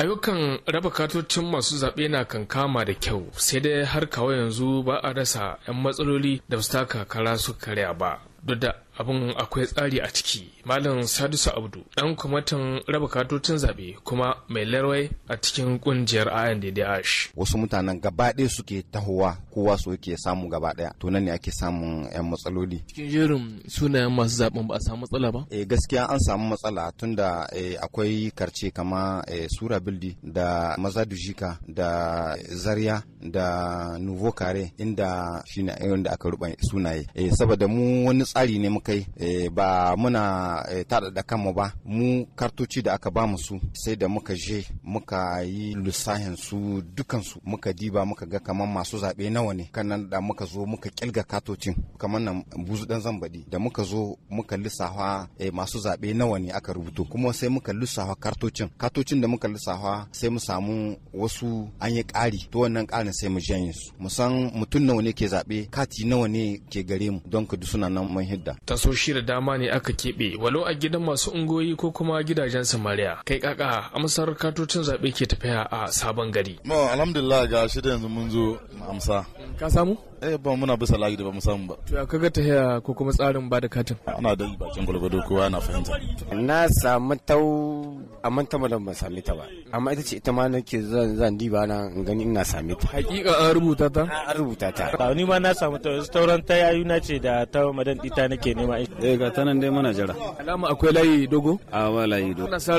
ayyukan raba katocin masu zaɓe na kankama da kyau sai dai har kawai yanzu ba a rasa 'yan matsaloli da su taka kara su karya ba duk da abin akwai tsari a ciki malam sadisu abdu dan kwamitin raba katocin zabe kuma mai larwai a cikin kungiyar indh wasu mutanen gaba ɗaya suke tahowa kowa su yake samu gaba ɗaya to nan ne ake samun yan matsaloli cikin jerin sunayen masu zaben ba a samu matsala ba eh gaskiya an samu matsala tunda eh, akwai karce kama eh, sura bildi da maza dujika da zarya da nuvo kare inda shine da aka ruba sunaye eh, saboda mu wani tsari ne kai eh, ba muna eh, taɗaɗa kanmu ba mu kartoci da aka ba mu su sai da muka je muka yi lissahin su dukansu muka diba muka ga kamar masu zaɓe nawa ne kan nan da muka zo muka kilga katocin kamar nan buzu dan zambaɗi da muka zo muka lissafa eh, masu zaɓe nawa ne aka rubuto kuma sai muka lissafa kartocin katocin da muka lissafa sai mu samu wasu an yi ƙari to wannan ƙarin sai mu janye su mu san mutum nawa ne ke zaɓe kati nawa ne ke gare mu don ka suna nan mun hidda tasoshi da dama ne aka keɓe walau a gidan masu ungoyi ko kuma gidajen samariya kai kaka amsar katocin zaɓe ke tafiya a sabon gari. no alhamdulillah ga shi da yanzu mun zo amsa. ka samu? eh ba muna bisa lagi da ba mu samu ba. to ya kaga ta ko kuma tsarin ba da katin. ana da bakin gwalgwado kowa na fahimta. na samu tau a ta madan ban same ta ba amma ita ce ita ma nake zan zan diba na in gani ina same ta hakika an rubuta ta an rubuta ta ba ni ma na samu ta tauran ta yayu na ce da ta madan ita nake nema eh ga ta nan dai mana jira alama akwai layi dogo a ba layi dogo ina sa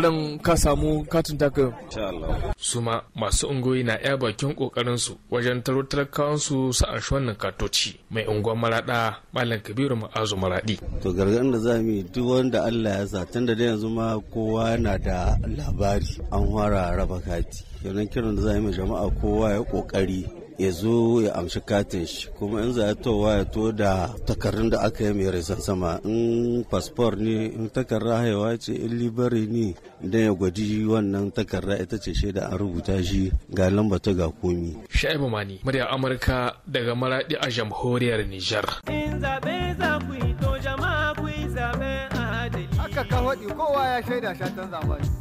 ka samu katin ka insha Allah suma masu ungoyi na ya bakin kokarin su wajen taro talakawan su sa a wannan katoci mai unguwar maraɗa malam kabiru ma'azu maradi to gargadin da za mu yi duk wanda Allah ya sa tunda da yanzu ma kowa na da labari an fara raba kati yanayin kiran da za yi jama'a kowa ya kokari ya zo ya amshi katin shi kuma in za ya towa ya to da takardun da aka yi mai raisan sama in fasfor ne in takarda haihuwa ce in libari ne da ya gwaji wannan takarda ita ce shaida an rubuta shi ga lamba ta ga komi. Sha'ibu Mani, murya Amurka daga Maradi a jamhuriyar Nijar. Haka ka faɗi kowa ya shaida shatan zamani.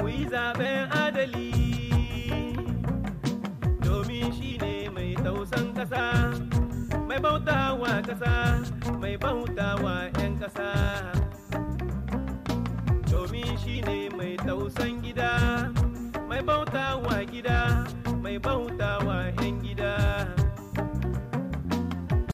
ku yi zaben adali domin shi ne mai tausan ƙasa mai wa ƙasa mai bautawa 'yan ƙasa domin shi ne mai tausan gida mai wa gida mai bauta